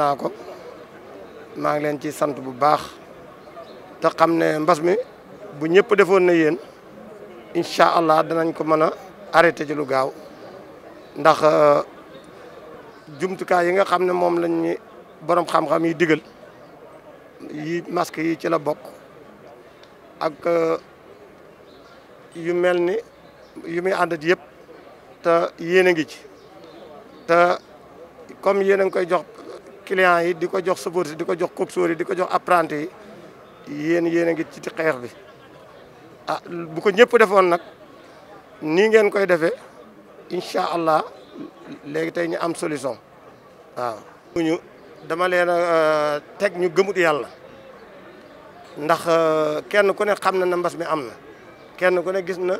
naa ko maa ngi leen ci sant bu baax te xam ne mbas mi bu ñëpp defoon na yéen incha allah danañ ko mën a arrêté ci lu gaaw ndax euh, jumtukaay yi nga xam ne moom lañ ñu borom xam-xam yi digal yi masque yi ci la bokk ak euh, yu mel ni yu muy àndat yëpp te yéen a ngi ci te comme yéen a koy jox clients yi di ko jox chauffeur di ko jox coxeur yi di ko jox apprenti yi yéen yéen a ngi ci xeex bi ah bu ko ñëpp defoon nag nii ngeen koy defee incha allah léegi tey ñu am solution waaw. ñu dama leen a euh, teg ñu gëmut yàlla ndax euh, kenn ku ne xam na na mbas mi am na kenn ku ne gis na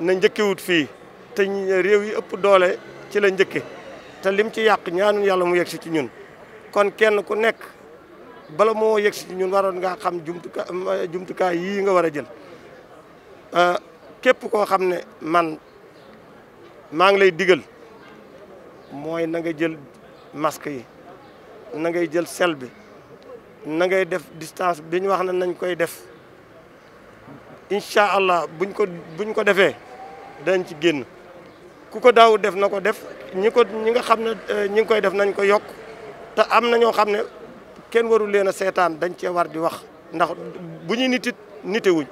na njëkkewut fii te réew yi ëpp doole ci la njëkke te lim ci yàq ñaanu yàlla mu yegg si ci ñun. kon kenn ku nekk bala moo yegg si ñun waroon ngaa xam jumtuka jumtukaay yii nga war a jël euh, képp koo xam ne man maa ngi lay digal mooy na nga jël masque yi na ngay jël sel bi na ngay def distance bi wax na nañ koy def incha allah buñ ko buñ ko defee dañ ci génn ku ko daaw def na ko def ñi ko ñi nga xam ne euh, ñi ngi koy def nañ ko yokk te am na ñoo xam ne kenn warul leen a seetaan dañ cee war di wax ndax bu ñu nitit nitewuñ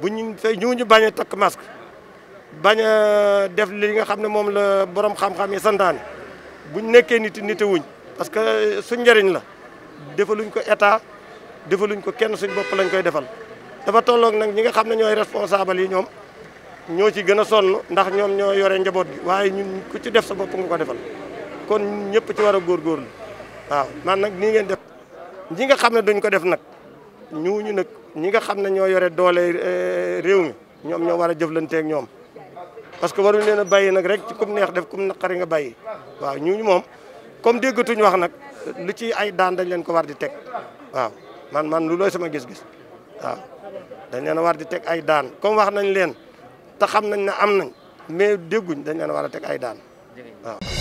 bu ñu fay ñu bañ a takk masque bañ a def li nga xam ne moom la borom xam-xam yi santaane bu ñu nekkee nit nitewuñ parce que suñ njëriñ la defaluñ ko état defaluñ ko kenn suñ bopp lañ koy defal. dafa tolloog nag ñi nga xam ne ñooy responsable yi ñoom ñoo ci gën a sonn ndax ñoom ñoo yore njaboot gi waaye ñun ku ci def sa bopp nga ko defal. kon ñëpp ci war a góorgóorlu waaw man nag nii ngeen def ñi nga xam ne duñ ko def nag ñuuñu nag ñi nga xam ne ñoo yore doole eh, réew mi ñoom ñoo war a jëflanteeg ñoom parce que waruñ leen a bàyyi nag rek ci kum neex def kum naqari nga bàyyi waaw ñuuñu moom comme déggatuñ wax nag lu ci ay daan dañ leen ko war di teg waaw man man lu looy sama gis-gis waaw dañ leen a war di teg ay daan comme wax nañ leen te xam nañ ne am nañ mais dégguñ dañ leen war a teg ay daan waaw